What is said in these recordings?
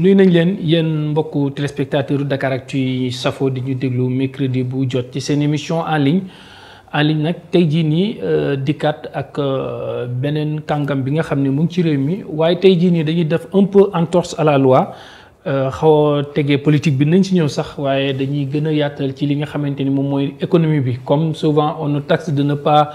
nuyu nañ leen yéen mbokku téléspectateur ak yi safo di ñu déglu mercredi bu jot ci seen émission en ligne en ligne nag tey jii nii euh, dikkaat ak euh, beneen kàngam bi nga xam ne mu ngi ci réew mi waaye tey jii nii dañuy def un peu entorse à la loi euh, xaw a tegee politique bi nañ ci ñëw sax waaye dañuy gën a yaatal ci li nga xamante ni moom mooy économie bi comme souvent on nous taxe de ne pas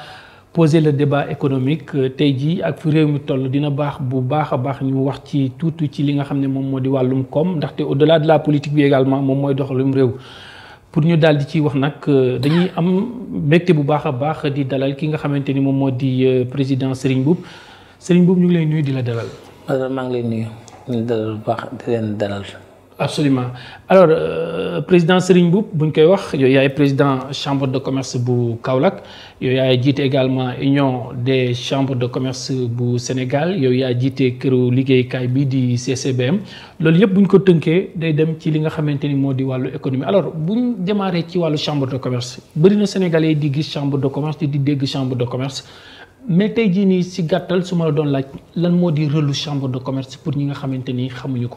poser le débat économique euh, tey jii ak fu rew mi toll dina bax bu baakha bax baax ñu wax ci tuuti ci li nga xam mom modi walum di wàllum koom ndaxte au-delà de la politique bi également moom mooy doxalum rew pour ñu daal di ci wax nak euh, dañuy am mbégte bu baakha bax di dalal ki nga xamanteni mom modi euh, président Serigne Boub Serigne Boub ñu ngi lay nuyu di la dalal. ma ngi lay nuyu di dalal bu baax di len dalal absolument alors euh, président Serigne Boub, bu ñu koy wax président chambre de commerce bu Kaolack y a dit également union des chambres de commerce du Sénégal il y a dit que bi di CCBM loolu yëpp bu ñu ko tënkee day dem ci li nga xamante ni moo économie alors bu ñu démarré ci wàllu chambre de commerce bëri na Sénégalais yi di chambre de commerce di dégg chambre de commerce mais tey ni si gàttal su ma la doon laaj lan moo chambre de commerce pour ñi nga xamante ni xamuñu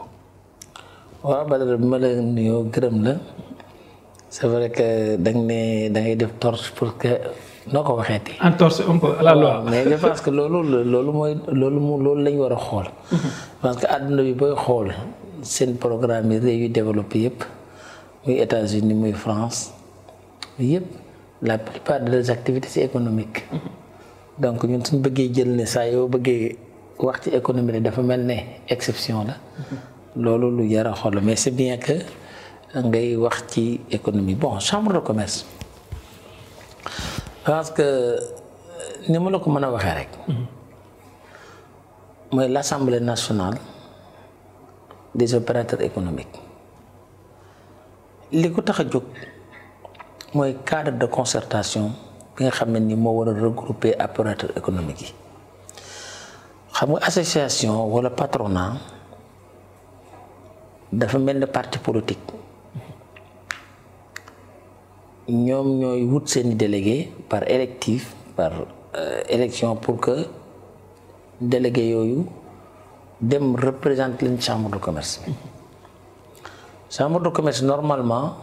waaw Badara bi ma la nuyoo gërëm la c'est vrai que da nga ne da def torche pour que noo ko en torche un peu à la loi. mais je pense que loolu loolu mooy loolu mu loolu la ñu war a mhm. parce que àdduna bi booy xool seen programme yi réew yu développé yëpp muy États-Unis muy France yëpp la plupart des activités c'est économique. Mhm. donc ñun suñu bëggee jël ne saa yoo bëggee wax ci économie dafa mel exception la. Mhm lu mais c'est bien que ngay wax ci économie bon chambre de commerce parce que euh, nous ma la ko rek. Mm-hmm. l'assemblée nationale des opérateurs économiques li ko tax a jóg cadre de concertation bi nga xam ne ni moo war regrouper opérateurs économiques yi xam nga association wala patronat. Il y parti politique Nous ñooy wut délégués par électif par euh, élection pour que les délégués représentent la chambre de commerce La chambre de commerce normalement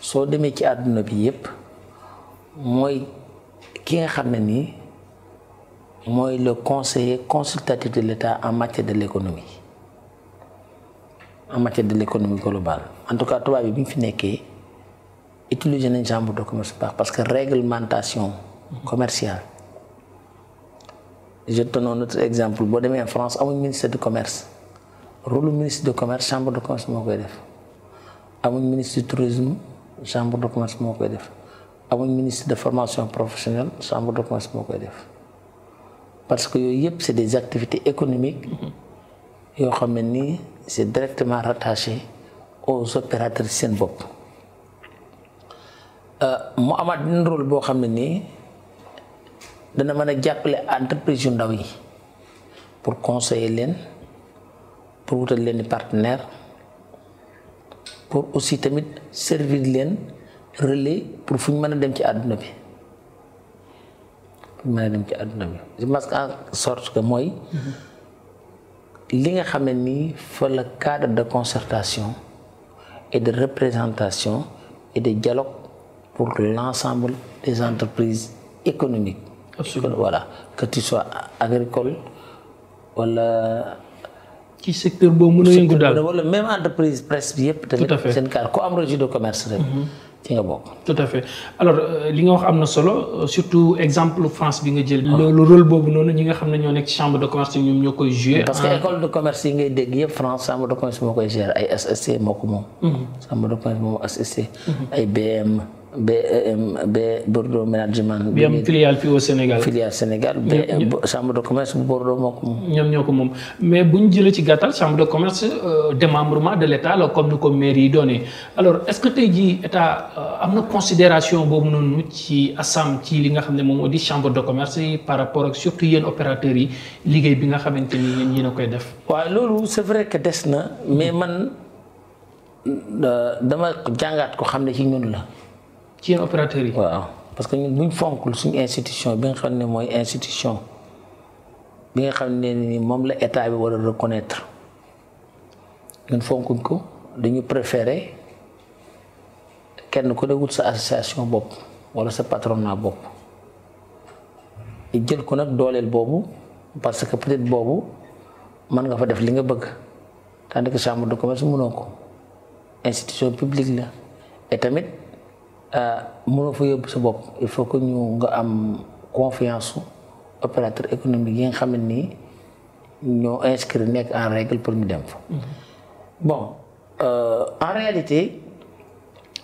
si vous avez des bi yépp le conseiller consultatif de l'État en matière de l'économie en matière de l'économie globale en tout cas toi, tu bi ñu fi nekkee utiliser nañ chambre de commerce parce que réglementation commerciale je donne un autre exemple boo demee en France un ministre de commerce rôle ministre de commerce chambre de commerce moo A def amuñ ministre du tourisme chambre de commerce moo faire. def ministre de formation professionnelle chambre de commerce vais def parce que c'est des activités économiques mhm. yoo xam ne nii c'est directement rattaché aux opérateurs seen bopp euh, mu amaat benn boo xam ne nii dana mën a jàppale entreprise yu ndaw yi pour conseiller leen pour wutal leen partenaire pour aussi tamit servir leen relais pour fu ñu mën a dem ci àdduna bi fu ñu mën a dem ci àdduna bi je pense en sorte que mooy mm-hmm. li nga fait le cadre de concertation et de représentation et de dialogue pour l'ensemble des entreprises économiques. Absolument. Voilà, que tu sois agricole ou ci secteur boobu mën na yëngu wala même entreprise presse bi yëpp. tout à fait seen de commerce tout à fait alors ce euh, que wax solo euh, surtout exemple France bi nga jël. rôle chambre de commerce ñom parce que école de commerce yi ngay dégg France chambre de commerce SSC mhm. de commerce BM. BEM Bordeaux Management. bi am filiale fii au Sénégal. filiale Sénégal chambre de commerce bu Bordeaux moo ko moom. ñoom ñoo ko moom mais bu jëlee ci gàttal chambre de commerce euh, démembrement de l' état la comme ni ko mairie yi doonee alors est ce que tey jii état euh, am na considération boobu noonu ci assam ci li nga xam ne moom moo di chambre de commerce yi par rapport ak surtout yéen opérateurs yi liggéey bi nga xamante nii yéen yéen a koy def. waa loolu c' est vrai des na mais man euh, dama jàngaat ko xam ne ci ñun la. ci yéen yi. waaw parce que ñun bu ñu fonkul suñu institution bi nga xam ne mooy institution bi nga xam ne ni moom la état bi war a reconnaître ñun fonkuñ ko dañu préféré kenn ku ne sa association bopp wala sa patronat bopp jël ko nag dooleel boobu parce que peut-être boobu mën nga fa def li nga bëgg tandis que chambre de commerce mënoo ko institution publique la et tamit. Euh, mënoo fa yóbbu sa bopp il faut que ñu nga am confiance su opérateur économique yi nga xam ne nii ñoo inscrit nekk en règle pour ñu dem fa. Mm-hmm. bon euh, en réalité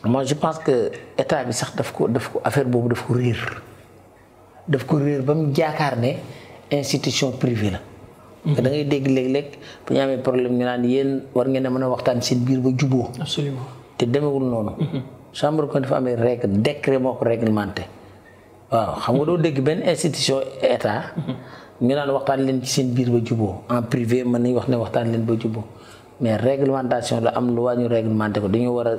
moi je pense que état bi sax daf ko daf ko affaire boobu daf ko réer daf ko réer ba mu jaakaar ne institution privée la. Mm-hmm. da ngay dégg léeg-léeg bu ñu amee problème ñu naan yéen war ngeen a mën a waxtaan seen biir ba juboo absolument te demewul noonu. Mm-hmm. chambre kon dafa amee règle décret moo ko réglementé waaw xam nga doo dégg benn institution état ñu naan waxtaan leen ci seen biir ba juboo en privé mën nañ wax ne waxtaan leen ba juboo mais réglementation la am lu waa ñu réglementé ko dañu war a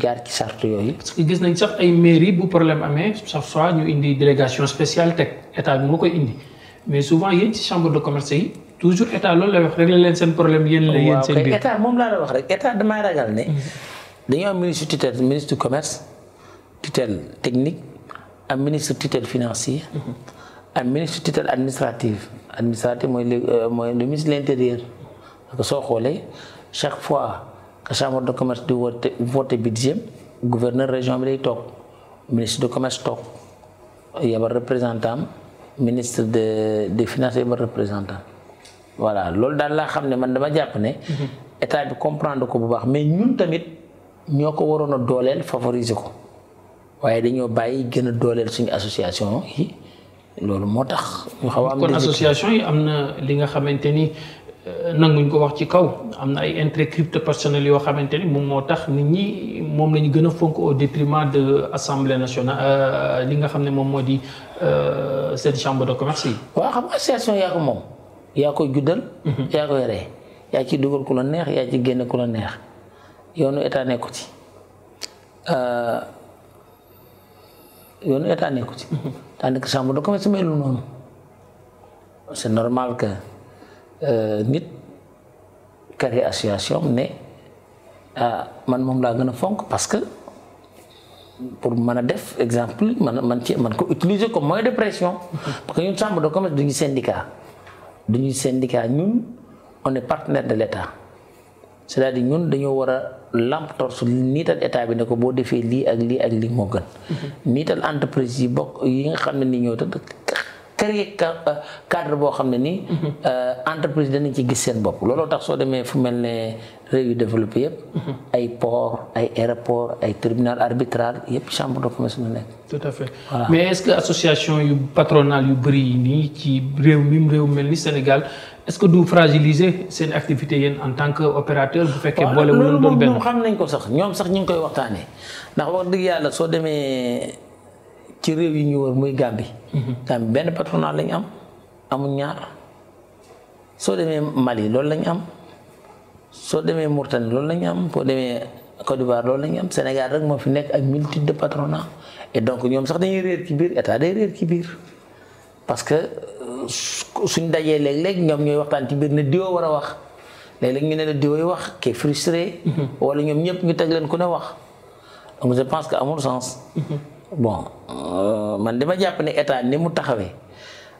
jaar ci charte yooyu. parce que gis nañ sax ay mairie bu problème amee sax soit ñu indi délégation spéciale teg état bi moo koy indi mais souvent yéen ci chambre de commerce yi toujours état loolu la wax régler leen seen problème yéen la. yéen seen biir Il am ministre tutelle ministre du commerce tutelle technique un ministre tutelle financier un ministre tutelle administrative administratif moy le euh, le ministre de l'intérieur chaque fois que chambre de commerce di vote voté budget gouverneur région bi day ministre de commerce Il y a un représentant ministre de des finances un représentant voilà l'ol dal la xamné ne man dama japp né mhm. état bi comprendre ko bu baax mais ñun tamit ñoo ko waroon a dooleel favoriser ko waaye dañoo bàyyi gën a dooleel suñu association yi loolu moo tax. ñu xaw a am kon association yi am na li nga xamante ni euh, nanguñ ko wax ci kaw am na ay intérêt crypto personnel yoo xamante ni moom moo tax nit ñi moom la ñu gën a fonk au détriment de assemblée nationale euh, li nga xam ne moom moo di seen euh, chambre de commerce yi. waaw xam nga association yaa ko moom. yaa koy juddal. Mhm. yaa koy rey yaa ci dugal ku la neex yaa ci génn ku la neex. état ci euh, état Il ci tandis que chambre de commerce c'est normal que euh, nit association ne ah man parce que pour mon exemple man man utiliser comme moyen de pression parce que une chambre de commerce du syndicat du syndicat on est partenaire de l'État cest à ñun dañoo war a lamp torsu niital état bi ne ko boo defee lii ak lii ak lii moo gën. Mhm. niital entreprise yi bokk yi nga xam ne ni ñoo tëdd créer euh, cadre boo xam ne ni. Mhm. Euh, entreprise danañ ci gis seen bopp looloo tax soo demee fu mel ne réew yu développé yëpp. Mhm. ay port ay aéroport ay tribunal arbitral yëpp chambre de commerce la nekk. tout a fait mais est-ce que association yu patronale yu bëri yi nii ci réew mi réew mel ni Sénégal. est-ce que du fragiliser seen activité yéen en tant que opérateur. bu fekkee boole wu leen doon benn xam nañ ko sax ñoom sax ñu ngi koy waxtaanee ndax wax dëgg yàlla soo demee ci réew yi ñu wër muy Gambie. Mhm. Gambie benn patronat lañ am amul ñaar soo demee Mali loolu lañ am soo demee Mourtani loolu lañ am soo demee Côte d'Ivoire loolu lañ am Sénégal rek moo fi nekk ak multitude de patronat et ci biir day réer ci parce que. suñ dajee léeg-léeg ñoom ñooy waxtaan ci biir ne diwo war a wax léeg-léeg ñu ne la diwo yi wax kii frustré. Mm-hmm. wala ñoom ñëpp ñu teg leen ku ne wax donc je pense que amul sens. Mm-hmm. bon euh, man dama jàpp ne état ni mu taxawee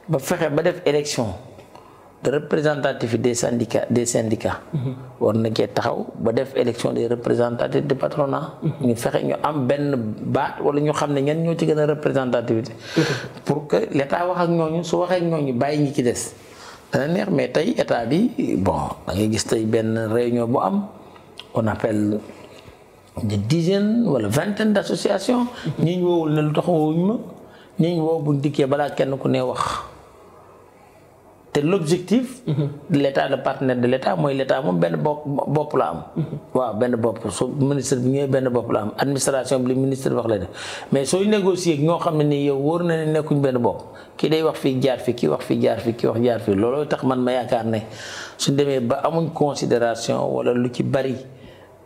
ba fexe ba def élection. représentatifs des syndicats des syndicats. on mhm. na taxaw élection des représentatifs des patronat. Mhm. ñu am baat wala ñu ñoo mhm. pour que l'État soit wax ak ñooñu su waxee ak des. mais bon réunion on appelle des dizaines ou vingtaine d'associations ñi ne ñi de te l'objectif de l'état le partenaire de l'état mooy l'état moom benn bopp bopp la am waaw benn bopp su ministre bi ñëwee benn bopp la am administration bi li ministre wax la def mais sooy négocier ñoo xam ne nii yow wóor na ne nekkuñ benn bopp ki day wax fii jaar fi kii wax fi jaar fii kii wax jaar fi looloo tax man ma yaakaar ne su demee ba amuñ considération walla lu ci bari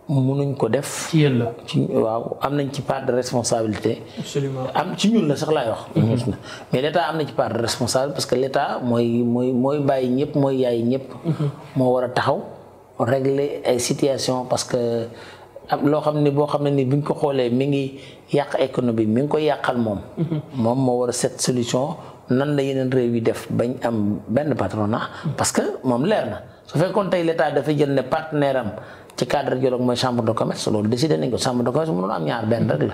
mënuñ ko def. ci yéen la ci waaw am nañ ci part de responsabilité. absolument am ci ñun la sax lay wax. Mhm. mais l'état am na ci part de responsable parce que l'état moy moy moy baye ñep moy yaay ñep mo mhm. wara taxaw régler ay situation parce que am loo xam ne boo ni buñ ko xolé mi ngi yàq économie mi ngi koy yàqal mom mhm. mom mo wara set solution nan la yeneen réew yi def bañ am benn patronat. parce que moom leer na su fekkoon tey l'état état dafa jël ne partenaire am. ci cadre dialogue mooy chambre de loolu décidé nañ ko chambre de commerce mënoon am ñaar benn rek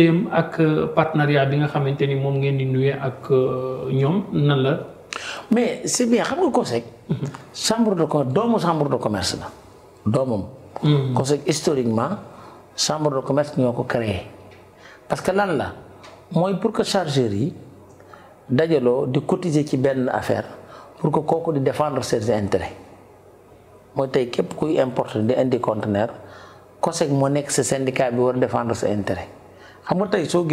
liggéeyam ak partenariat bi nga xamante ni moom ngeen di nuyee ak ñoom nan la. mais c' est bien xam nga COSEC. Mhm. chambre de commerce doomu chambre de commerce la doomam. Mhm. COSEC historiquement chambre de commerce ñoo ko créé parce que lan la mooy pour que chargeur yi dajaloo di cotiser ci benn affaire pour que kooku di défendre ses intérêts mooy tey képp kuy importer di indi conteneur COSEC moo nekk sa syndicat bi war défendre sa intérêt. xam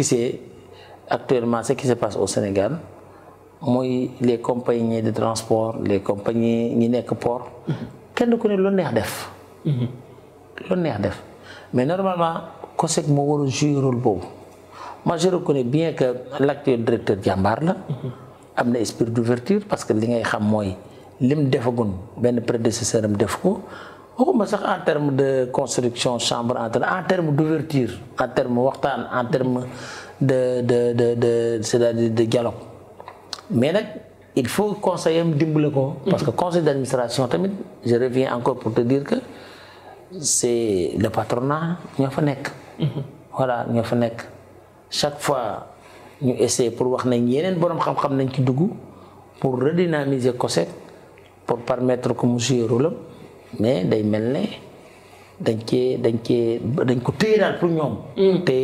actuellement ce qui se passe au Sénégal moi les compagnies de transport les compagnies de nekk port kenn ne connaissent pas ce lu def mais normalement qu'est-ce que war a jouer rôle moi je reconnais bien que l'actuel directeur Diambar la. am esprit d'ouverture parce que li ngay xam c'est lim que ben prédécesseur am def en termes de construction chambre en termes d'ouverture en termes de de de c'est-à-dire de dialogue mais il faut conseiller le parce que conseil d'administration je reviens encore pour te dire que c'est le patronat qui est fait voilà chaque fois nous essayons pour wax nañ yeneen pour redynamiser conseil pour permettre que M. Roulem mais day melne ne dañ cee dañ cee dañ ko téye daal pour ñoom. Mm. te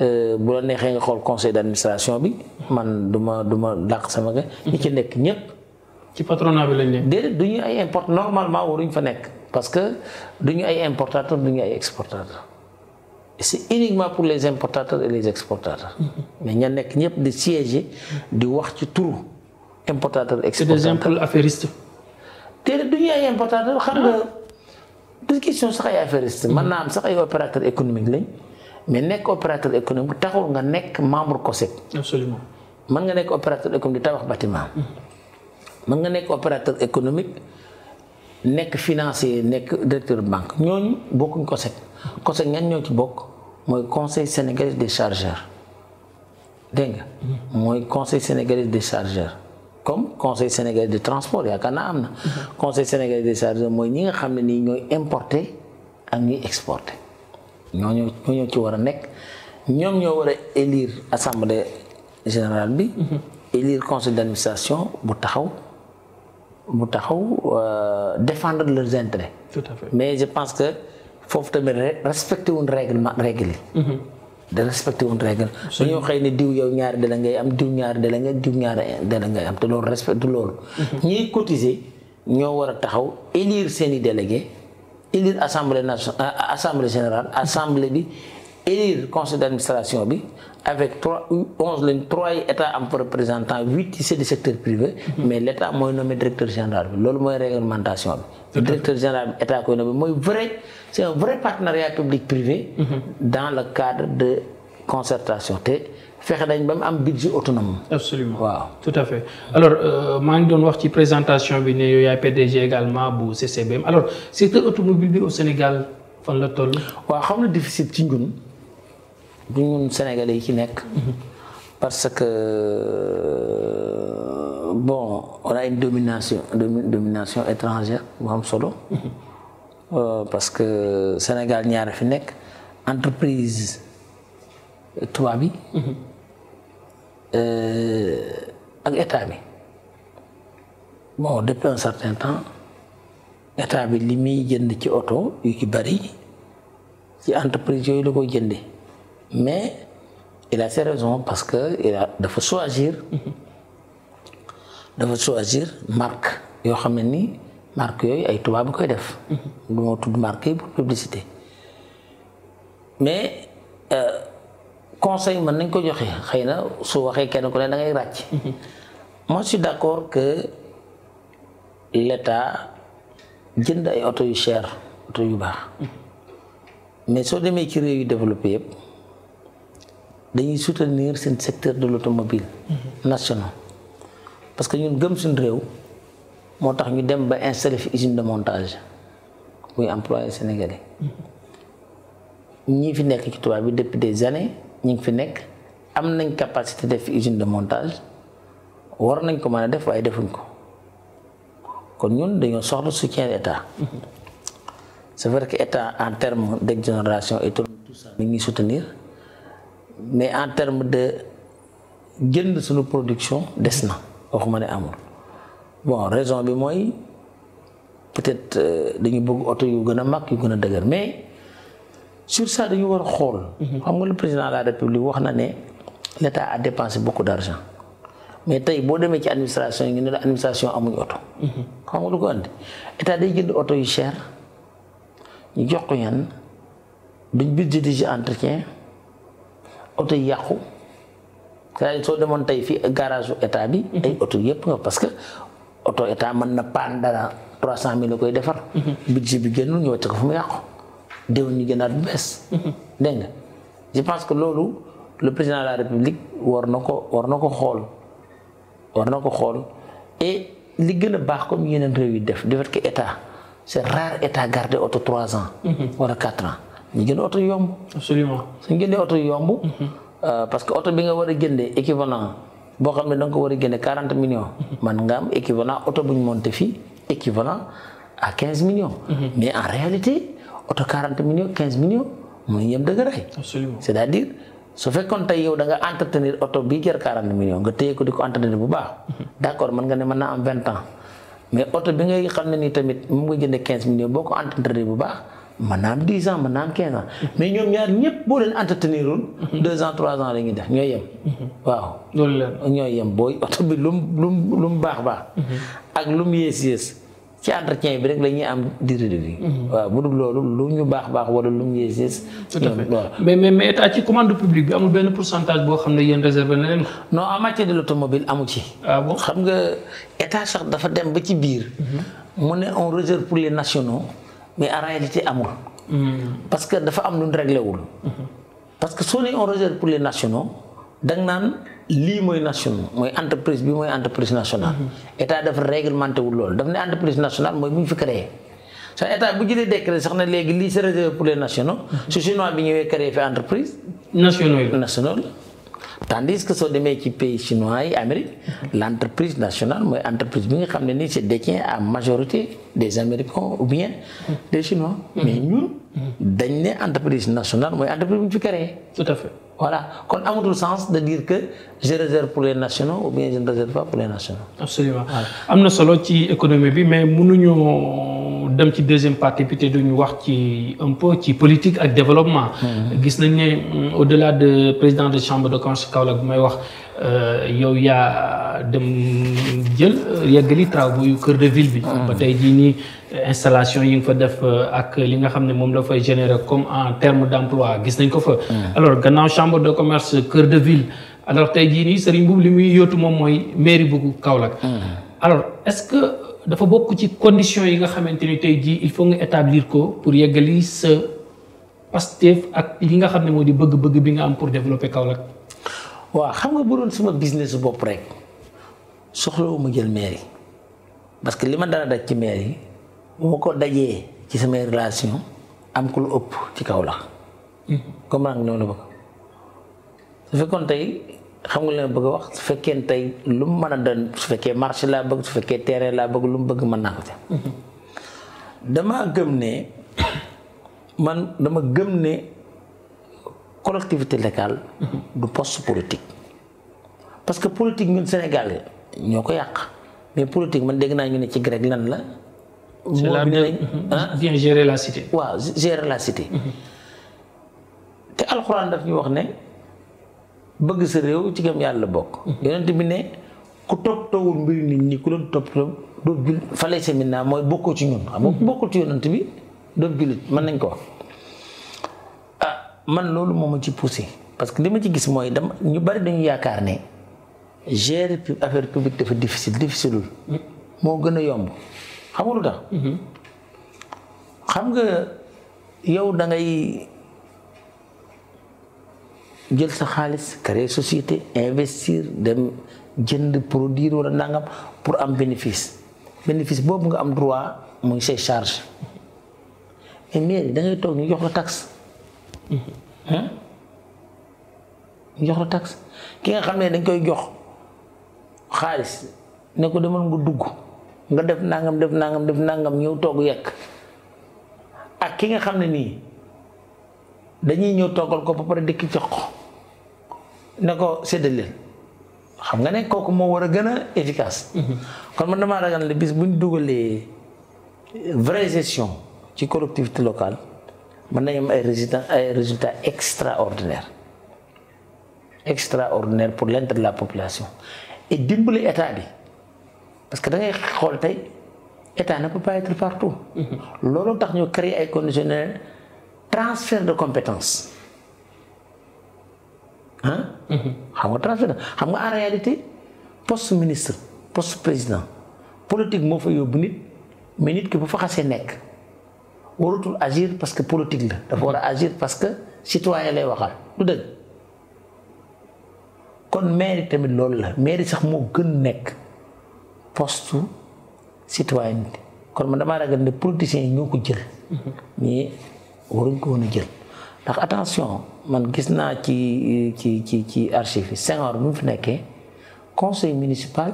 euh, bu la nexé nga xol conseil d'administration bi man du ma du ma sama nga ñi ci nek ñëpp. ci patronat bi lañ ne. déedéet duñu ay import normalement waruñ fa nek parce que duñu ay importateur, duñu ay exportateur. c'est uniquement pour les importateurs et les exportateurs. Mm-hmm. mais ña nek ñëpp di siéger di wax ci tour importateur exportateur. c'est des impôts affairistes. te du ñu ay importateur xam nga des sax ay affairiste mm-hmm. mën naa am sax ay opérateur économique lañ mais nekk opérateur économique taxaw nga nekk membre COSEC. absolument mën nga nekk opérateur économique di tabax bâtiment mm-hmm. mën nga nekk opérateur économique nekk financier nekk directeur banque ñooñu bokkuñ COSEC COSEC ñan ñoo ci bokk mooy conseil sénégalais des chargeurs dégg nga. Mm-hmm. mooy conseil sénégalais de chargeurs. comme conseil sénégalais de transport a mhm. conseil sénégalais des services il ñi nga importer ak exporter Nous ñoo ci a nekk élire l'Assemblée générale élire mhm. élire conseil d'administration, pour euh, défendre leurs intérêts. mais je pense qu'il faut respecter une règles. règle de respecté wuñ règle dañoo xëy ne diw yow ñaari dala ngay am diw ñaari dala ngay diw ñaari dala ngay am te loolu respecté loolu mm-hmm. ñiy cotiser ñoo war a taxaw élire seeni délégué élire assemblée nationale euh, assemblée générale mm-hmm. assemblée bi élire conseil d'administration bi avec trois onze lañ trois yi état am fa représentant huit yi c'est du secteur privé mm-hmm. mais l' état mooy nommé directeur général bi loolu mooy réglementation bi directeur général bi état c'est un vrai partenariat public-privé mhm. dans le cadre de concertation C'est d'un même un budget autonome. absolument tout à fait alors je vais vous wax ci présentation il y a PDG également bu CCBM alors c'est automobile au Sénégal Oui, la toll. waaw xam le déficit ci sénégalais qui mhm. parce que euh, bon on a une domination domination étrangère solo. Mhm. Euh, parce que Sénégal ñaar fi nekk entreprise tout bi mhm. euh, ak état bon depuis un certain temps l'État bi li muy jënd ci oto yu ci bari ci entreprise mais il a ses raisons parce que il a Il choisir mhm. faut choisir marque il faut choisir marque yooyu ay tubaab bu koy def. du mhm. ma tudd marque pour publicité mais euh, conseil man nañ ko joxe xeyna su waxe kenn ku ne da ngay ràcc. Mhm. moi je suis d'accord que l'état état jënd ay auto yu cher auto yu bax mhm. mais soo demee ci réew yu développé yëpp dañuy soutenir seen secteur de l' automobile national parce que ñun gëm suñu réew. Je suis ñu dem installé de montage les employés sénégalais Nous fi fait depuis des années nous ngi fi am capacité de montage war def defuñ ko kon ñun c'est vrai que l'État, en terme d'exonération et tout ça soutenir mais en terme de production des na bon raison bi mooy peut-être euh, dañu bëgg oto yu gën a mag yu gën a dëgër mais sur ça dañu war a xool. Mhm. xam nga le président de la république wax na ne l'État a dépensé beaucoup d'argent mais tey boo demee ci administration yi ñu ne la administration amuñ oto. Mhm. xam nga lu ko andi état day jënd oto yu chair ñu jox ko ñan duñ budgétiser entretien oto yi yàqu cest à soo demoon tey fii garage su état bi. Mhm. ay oto yëpp nga parce oto état mën na paan dara trois cent mille la koy defar. Mhm. budget bi génnul ñu wàcc ko fu mu yàqu. déwén ñu gënaat bu bees. Mhm. dégg je pense que loolu le président de la république war na ko war na xool war na ko xool e li gën a baax comme yeneen réew yi def du fait que état c' est état garder oto trois ans. Mhm. wala quatre ans ñu gën oto yomb. suñ gënee oto yomb. Euh, parce que oto bi nga war a jëndee équivalent. bo xamné da nga gëné 40 millions. man nga am équivalent auto buñ monté fi équivalent à 15 millions. Mhm. mais en réalité auto 40 millions 15 millions mënuñ yem dëgëraay. absolument c'est-à-dire su fekkoon tay yow da nga entretenir auto bi jër 40 millions nga téyé ko diko entretenir bu baax. Mhm. d'accord man nga né man na am 20 ans mais auto bi ngay xamné ni tamit mu nga 15 millions boo entretenir bu baax. mën naa am dix ans mën naa mais ñoom ñaar ñëpp boo leen entretenir wul deux ans trois ans la ñuy def ñooy yem. waaw loolu la ñooy yem boo oto bi lu mu lu mu baax baax. ak lu mu yées yées ci entretien bi rek la ñuy am durée de vie. waaw bu dul loolu lu ñu baax baax wala lu mu yées yées. mais mais mais état ci commande publique bi amul benn pourcentage boo xam ne yéen réservé na leen ko. non en matière de l' automobile amu ci. ah bon xam nga état sax dafa dem ba ci biir. Mhm. mu ne on réserve pour les nationaux. mais en réalité amul. parce que dafa am lu ñu réglé wul. parce que soo nee on réserve pour les nationaux da naan lii mooy national mooy entreprise bi mooy entreprise nationale. état dafa réglementé wul loolu daf ne entreprise national mooy bu ñu fi créé. sa état bu jëlee décret sax na léegi lii c'est réservé pour les nationaux. su chinois bi ñëwee créé fi entreprise. nationaux nationaux tandis que ce sont qui pays chinois et Amérique mhm. l'entreprise nationale l'entreprise, entreprise bi nga à majorité des américains ou bien mhm. des chinois. Mhm. mais nous, dañ entreprise nationale mooy entreprise bu crée. tout à fait voilà a autre sens de dire que je réserve pour les nationaux ou bien je ne réserve pas pour les nationaux. absolument solo ci économie bi mais mënuñoo dem ci deuxième partie peut-être de nous wax ci un peu ci politique et développement. Mm-hmm. gis nañ né mm, au delà de président de chambre de commerce Kaolack bu may wax euh, yow ya dem jël euh, yeggali travaux yu cœur de ville bi. Mm-hmm. ba tay jii ni euh, installation yi nga fa def ak li nga xam ne moom la fay générer comme en terme d' emploi gis nañ ko fa. Mm-hmm. alors gannaaw chambre de commerce cœur de ville alors tey jii nii Serigne Mboup li muy yóotu moom mooy mairie bu Kaolack. alors est ce que. dafa bokk ci conditions yi nga xamante ni tey jii il faut nga établir ko pour yeggali sa Pastef ak li nga xam ne moo di bëgg-bëgg bi nga am pour kaw Kaolack. waaw xam nga bu doon sama business bopp rek soxlawu ma jël mairie parce que li ma dara daj ci mairie bu ma ko dajee ci samay relation am ku lu ëpp ci Kaolack. comme maa ngi noonu ba su fekkoon tey xam nga li ma bëgg a wax su fekkee tey lu mu mën a doon su fekkee marché laa bëgg su fekkee terrain laa bëgg lu mu bëgg mën naa ko damaa gëm ne man dama gëm ne collectivité locale du poste politique parce que politique ñun Sénégal ñoo ko yàq mais politique man dégg naa ñu ne ci grec lan la moo euh, ah? bien gérer la cité waaw gérer mhm. te alxuraan daf ñu wax ne bëgg sa réew ci gëm yàlla bokk. yonent bi ne ku toppatoowul mbir nit ñi ku leen toppatoo doo jul fale sami naa mooy bokkoo ci ñun. xam nga mhm. bokkoo ci yonent bi doo jullit man nañ ko wax. ah man loolu moom ma ci poussé parce que li ma ci gis mooy dama ñu bari dañu yaakaar ne gérer affaire publique dafa difficile difficile mhm. moo gën a yomb xam nga mhm. xam nga yow da jël sa xaaliss créer société investir dem jënd produire wala nangam pour am bénéfice bénéfice bobu nga am droit muy say charge mais mairie da ngay tok ñu jox la taxe ñu jox la taxe ki nga xamné dañ koy jox xaaliss ne ko demal nga dugg nga def nangam def nangam def nangam ñëw tok yek ak ki nga xamné ne dañuy ñëw togal ko ba paré dik ci ko ne ko séddale xam nga ne kooku moo war a gën a efficace. Mm-hmm. kon man damaa ragal ne bis bu ñu dugalee vraie ci collectivité locale mën na am ay résultats ay résultats extraordinaires extraordinaire pour lent de la population et dimbali état bi parce que da ngay xool tey état ne peut pas être partout. Mm-hmm. loolu tax ñu créer ay conditions transfert de compétences. ah. xam nga transfert xam nga en réalité poste ministre poste président politique moo fa yóbbu nit mais nit ki bu fa xasee nekk waratul agir parce que politique la. dafa war a agir parce que citoyen lay waxal du dëgg. kon mairie tamit loolu la mairie sax moo gën nekk poste citoyen kon man damaa ragal ne politiciens yi ñoo ko jël. Mhm. mais waruñ ko woon a jël. ndax attention man gis naa ci ci ci ci archive yi Senghor conseil municipal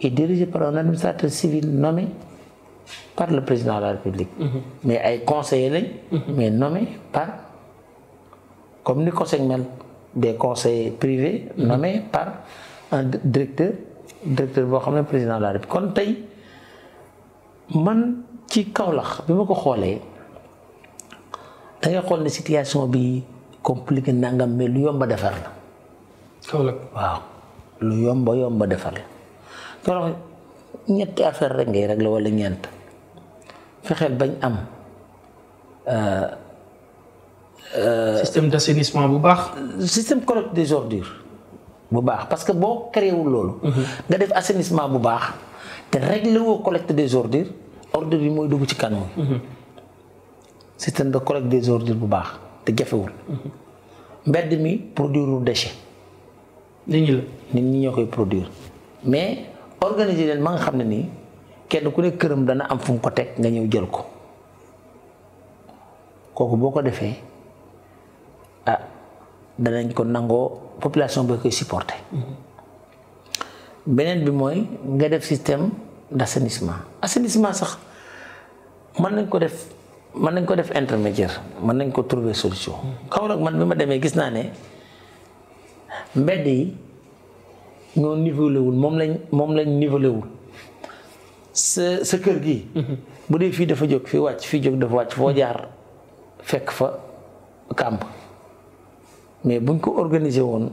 est dirigé par un administrateur civil nommé par le président de la République. Mhm. mais ay conseillers mhm. mais nommés par comme ni conseil mel des conseillers privés. Mhm. nommés par un directeur directeur boo xam président de la République kon tey man ci Kaolack bi ko xoolee. da ngay xool ne situation bi complique nangam mais lu yomba defar la. waaw lu yomba yomba defar la. Kaolack ñetti affaire rek ngay rek la wala ñeent fexeel bañ am. Euh, système d'assainissement bu baax. Euh, système correct des ordures bu baax parce que boo créé loolu. Mhm. nga def assainissement bu baax te réglé woo collecte des ordures ordures yi mooy dugg ci canaux mhm. système de collecte des ordures bu baax te jafewul mbedd mi produire des déchets. ñi la nit ñi ñoo produire mais organiser leen ma nga ni, ne nii kenn ku ne këram dana am fu mu ko teg nga ñëw jël ko kooku boo ko defee ah danañ ko nangoo population boo koy supporter mm-hmm. beneen bi mooy nga def système d'assainissement assainissement sax mën nañ ko def mën nañ ko def intermédiaire mën nañ ko trouver solution Kaolack man bi ma demee gis naa ne mbedd yi ñoo nivelé wul moom lañ moom lañ nivelé wul sa sa kër gi mhm. bu dee fii dafa jóg fii wàcc fii jóg dafa wàcc foo jaar fekk fa kàmb mais buñ ko organiser woon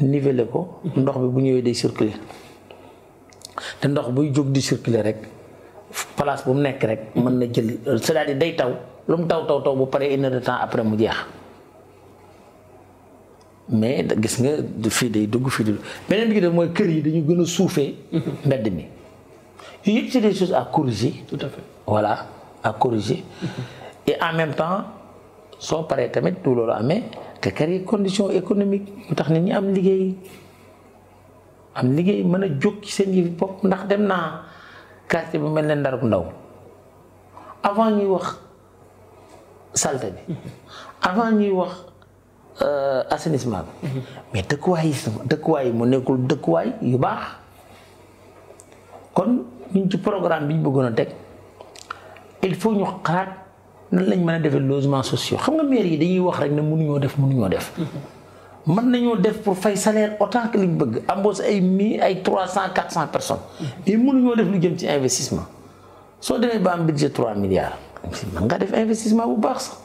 nivele ko mhm. ndox bi bu ñëwee de circuler te ndox buy jóg di circuler rek place bu mu nekk rek mën na jël c'est-à-dire day taw lu mu taw taw taw bu pare une heure de temps après mu jeex mais gis nga fii day dugg fii day beneen bi ci def mooy kër yi dañu gën a suufee. mbedd mi yooyu yëpp c'est des choses à corriger. tout à voilà à corriger. et en même temps soo paree tamit du loolu amee te kër yi condition économique yu tax nit ñi am liggéey am liggéey mën a jóg ci seen yëf bopp ndax dem naa. quartier bu mel ne Ndar bu ndaw avant ñuy wax salte bi avant ñuy wax euh, assainissement bi mm-hmm. mais dëkkuwaay yi dëkkuwaay yi mu nekkul dëkkuwaay yu baax kon ñun ci programme bi ñu bëggoon a teg il faut ñu xaar nan lañ mën a defee losement sociaux xam nga maire yi dañuy wax rek ne mënuñoo def mënuñoo def mm-hmm. mën nañoo def pour fay salaire autant que li ñu bëgg embauché ay mii ay trois cent quatre cent personnes mais mënuñoo def lu jëm ci investissement soo demee ba am budget trois milliards mën nga def investissement bu baax sax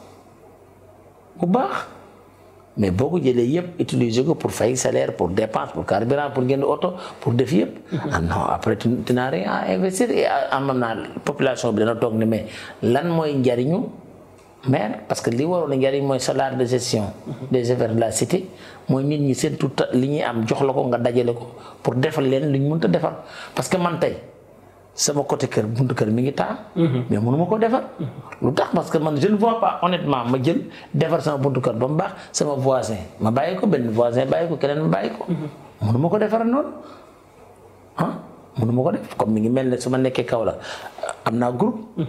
bu baax mais boo ko jëlee yëpp utiliser ko pour fay salaire pour dépense pour carburant pour jënd oto pour def yëpp. ah non après tu n'as rien à ah, am naa population bi dana toog ne mais lan mooy njariñu maire parce que li waroon na njariñ moy salaire de gestion des affaires de la cité moy nit ñi seen tout li ñi am jox lako ko nga dajale ko pour defal len lu ñu mënta defar parce que man tay sama côté kër buntu kër mi ngi ta mhm. mais mënuma ko defar mhm. lu tax parce que man je ne vois pas honnêtement ma jël defar sama buntu kër bam mu baax sama voisin ma bayé ko ben voisin bayé ko keneen ma bàyyi ko mhm. mënuma ko defar non ah mënuma ko def comme mi ngi mel suma nekké kaw la amna groupe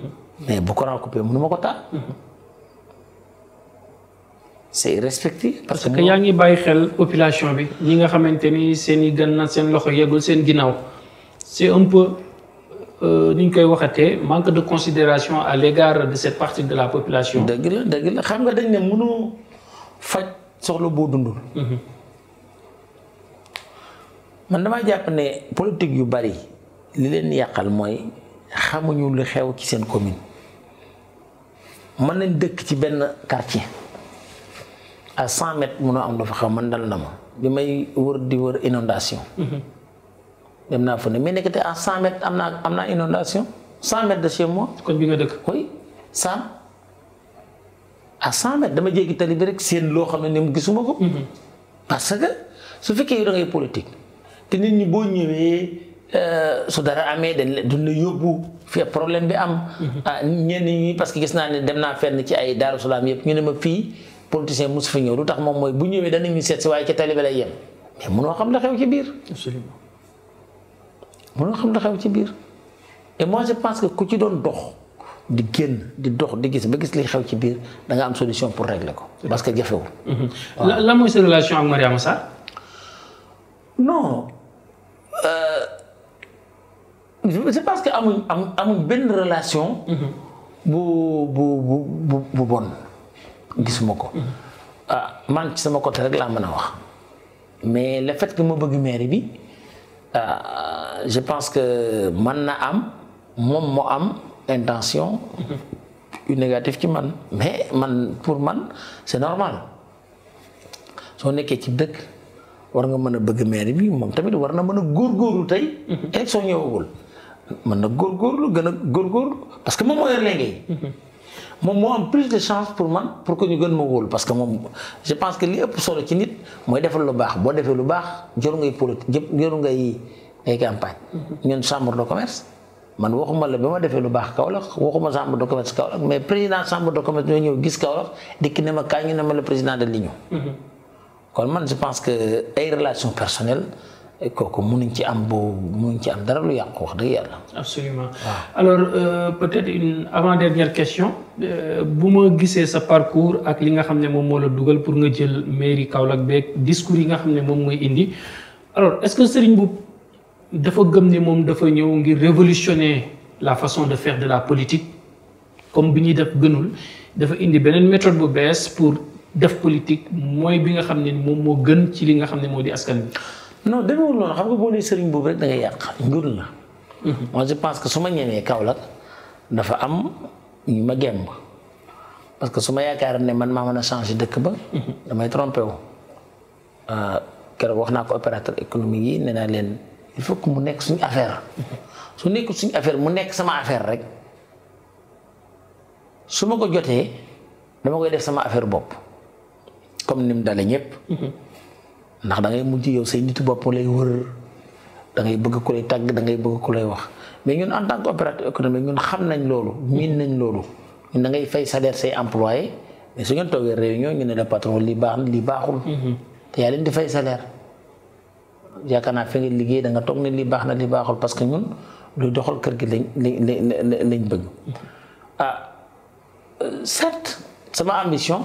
mais bu courant coupé mënuma ko ta c'est respecté. parce que yaa ngi bàyyi xel population bi ñi nga xamante ni seen i gën na seen loxo yeggul seen ginnaaw c'est un peu euh, ni ñu koy waxatee manque de considération à l'égard de cette partie de la population. dëgg la dëgg xam nga dañ ne mënoo faj soxla boo dundul. Mhm. man damaa jàpp ne politique yu bari li leen yàqal mooy xamuñu lu xew ci seen commune mën nañ dëkk ci benn quartier. à 100 mètres mëno am do fa xam man dal nama bimay wër di wër inondation dem na fa ne mais nekete à 100 mètres amna amna inondation 100 mètres de chez moi kon bi nga dëkk oui 100. à 100 mètres dama jéggi tali bi rek seen lo xamné ni gisuma ko mhm. parce que su fekké yow da ngay politique té nit ñi bo ñëwé euh su dara amé dañ dunu yobbu fi problème bi am mhm. ah, ñen ñi parce que gis na ni dem na fenn ci ay daru salam yépp ñu ne ma fi politicien mosu fa ñëw lu tax moom mooy bu ñëwee danañ ñu seet si waaye ci tali bi lay yem mais mënoo xam la xew ci biir. absolument xam la xew ci biir et moi je pense que ku ci doon dox di génn di dox di gis ba gis la xew ci biir da am solution pour régler ko parce que jafewul. Mhm. la la mooy sa relation ak Mariama Sarr. non. Euh, je pense que amuñ am amuñ benn relation. Mhm. bu bu bu bu bon. gisuma ah man ci sama côté rek la mën wax mais le fait que mo bëgg maire bi ah je pense que man na am mom mo am intention une négative ci man mais man pour man c'est normal soo nekkee ci dëkk war nga mëna bëgg maire bi mom tamit war na mën a góorgóorlu tey élection ñëwagul mën na gorlu gëna gor gor parce que mom mo yor léegi moi, j'ai plus de chance pour moi, pour que ñu gën mon rôle, parce que je pense que li ëpp solo ci nit mooy defal lu baax boo defee lu le jor ngay politique jor ngay ay campagne mm-hmm. ñun chambre de commerce man waxuma la le ma defee lu baax Kaolack waxuma chambre de commerce Kaolack mais président chambre de commerce ñu ñew gis Kaolack dikk ne ma kaay ñu ne ma le président de l'union mm-hmm. kon man je pense que ay relations personnelles kooku munuñ ci am bu munuñ ci am dara lu yàqu wax dëgg yàlla. absolument alors euh, peut-être une avant-dernière question euh, bu ma gisee sa parcours ak li nga xam ne moom la dugal pour nga jël mairie Kaolack beeg discours yi nga xam ne moom mooy indi alors est-ce que Serigne Mboup dafa gëm ne moom dafa ñëw ngir révolutionner la façon de faire de la politique comme bi ñuy def gënul dafa indi beneen méthode bu bees pour def politique mooy bi nga xam ne moom moo gën ci li nga xam ne moo di askan bi non demewul noonu xam nga boo nee sëriñ boobu rek da yàq njur la. moi je pense que su ma ñemee Kaolack dafa am ñu ma gemb parce que su ma yaakaar ne man maa mën a changer dëkk ba. damay trompé wu. Euh, keroog wax naa ko opérateur économique yi nee naa leen il faut que mu nekk suñu affaire su nekkul suñ affaire mu nekk sama affaire rek su ma ko jotee dama koy def sama affaire bopp comme ni mu dalee ñëpp. ndax da ngay mujj yow say nitu bop lay wër da ngay bëgg ku lay tag da ngay bëgg ku lay wax mais ñun en tant qu'opérateur économique ñun xam nañ loolu min nañ loolu ñun da ngay fay salaire say employé mais su ngeen toogee réunion ñu né le patron li baax li baaxul té ya leen di fay salaire yaakaar naa fi nga liggé da nga tok ne li baax na li baaxul parce que ñun du doxal kër gi lañ lañ lañ bëgg ah certes sama ambition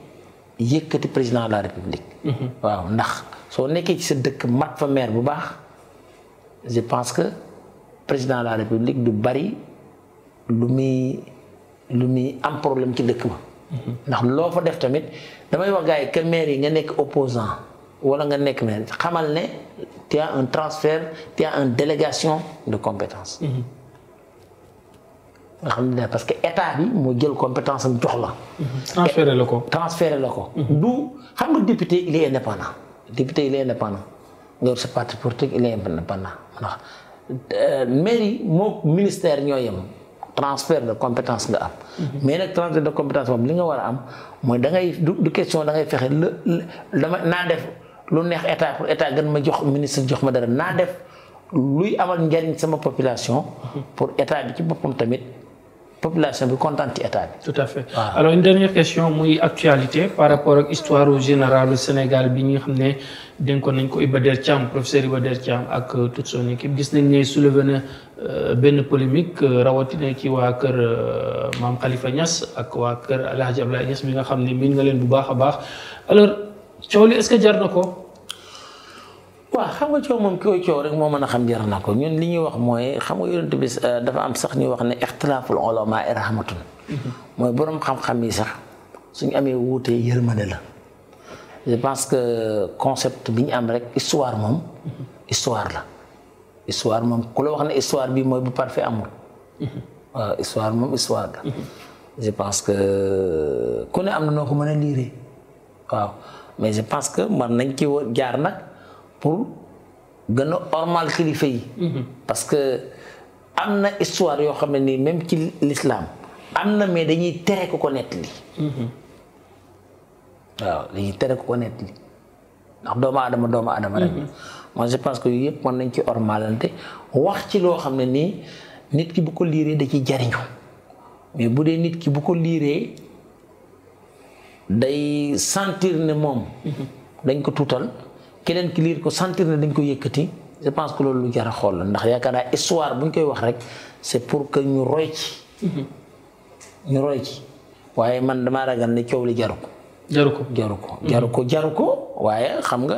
yëkkati président de la république. Mhm. waaw ndax so nekkee ci sa dëkk mat fa maire bu baax je pense que président de la république du bari lu mi lu mi am problème ci dëkk ba. Mhm. ndax lo fa def tamit damay wax gars que maire yi nga nekk opposant wala nga nekk maire xamal ne tu as un transfert tu as une délégation de compétences. Mhm. nga xam ne parce que état bi moo jël compétence am jox la. transféré la ko transféré la ko. du xam nga député il est indépendant député il est indépendant nga yor sa parti politique il est indépendant ndax euh, mairie moo ministère ñoo yem transfert de compétence nga am. Mhm. mais nag transfert de compétence moom li nga war a am mooy da ngay du question da ngay fexe la dama naa def lu neex état pour état gën ma jox ministre jox ma dara naa def luy amal njariñ sama population. Mhm. pour état bi ci population bi kontaan ci état tout à fait ah. alors une dernière question muy actualité par rapport ak histoire générale du Sénégal bi ñi nga xam ne dénkoon nañ ko Iba Der professeur Ibader Der Thiam ak euh, toute son équipe gis nañ ne soulevé na euh, polémique euh, rawatina ci waa kër maam Khalifa Niass ak waa kër El Hadj Abdoulaye Niass bi nga xam ne nga leen bu baax baax alors coow est-ce que jar na ko. waaw xam nga coow moom ki koy coow rek moo mën a xam jar na ko ñun li ñuy wax mooy xam nga yonent bi euh, dafa am sax ñu wax ne ixtilaaful ulama irhamatun mm-hmm. mooy boroom xam-xam yi sax suñu amee wuutee yërmande la je pense que concept bi ñu am rek histoire moom mm-hmm. histoire la histoire moom la wax ne histoire bi mooy bu parfait amul mm-hmm. waaw histoire moom histoire que ku ne am na noo ko mën a liiree waaw mais je pense que man nañ ci jaar nag pour gën a ormal kilifa yi. Mhm. parce que am na histoire yoo xam ne nii même ci l'islam am na mais dañuy tere ku ko nett li mhm. waaw dañuy tere ku ko nett ndax doomu aadama doomu aadama rek. Mhm. moi je pense que yooyu yëpp mën nañ ci ormalante wax ci loo xam ne nii ki bu ko da ciy jariñu mais nit ki bu ko liiree day sentir ne moom. dañ ko tuutal. keneen ki liir ko sentir ne dañ ko yëkkati je pense que loolu lu jar a xool la ndax yaakaar naa histoire bu ñu koy wax rek c'est pour que ñu roy ci. ñu roy ci waaye man dama ragal ne coow li jaru ko. jaru ko jaru ko jaru ko jaru ko waaye xam nga.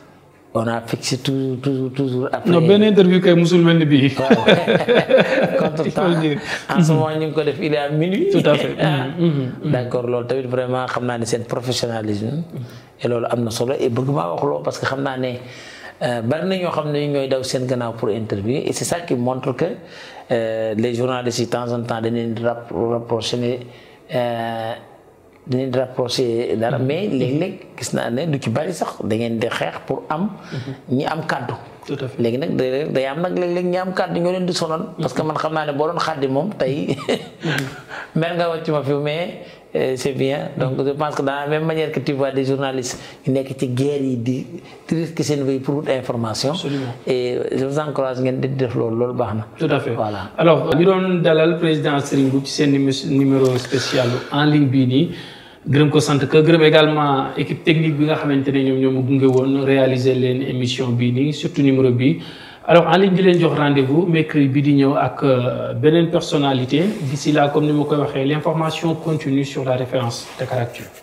on a fixé toujours, toujours, toujours après. non ben interview kay musulman mel ni bii. waaw contre temps en ce moment ko def il est à minuit. tout à fait. Ah. D'accord, là, loolu tamit vraiment xam naa ne professionnalisme. et loolu amna solo et bëgg maa wax loo parce que je sais que bari na ñoo xam ne ñooy daw pour interviewer et c'est ça qui montre que euh, les journalistes de temps en temps dañu leen di dinañ rapproché dara mais léeg-léeg gis naa ne du ci bari sax da ngeen di xeex pour am ñi am kàddu léegi nag day am nag léeg-léeg ñi am kàddu ñoo leen di sonal parce que man xam naa ne boo doon xaddi moom tey mer nga wàcc ma fi mais c'est bien donc je pense que dans la même manière que tu vois des journalistes yu nekk ci guerre yi di di risque seen vie pour wut information et je eh, vous encourage ngeen di def loolu loolu baax na tout à fait voilà alors ñu doon dalal président Serigne Mboup ci seen numéro spécial en ligne bii nii gërëm ko sant que gërëm également équipe technique bi nga xamante ne ñoom ñoo ma gunge woon réaliser leen émission bii nii surtout numéro bi alors en ligne di leen jox rendez-vous mercredi bi di ñëw ak euh, beneen personnalité d'ici là comme ni ma koy waxee l'information continue sur la référence de caractère.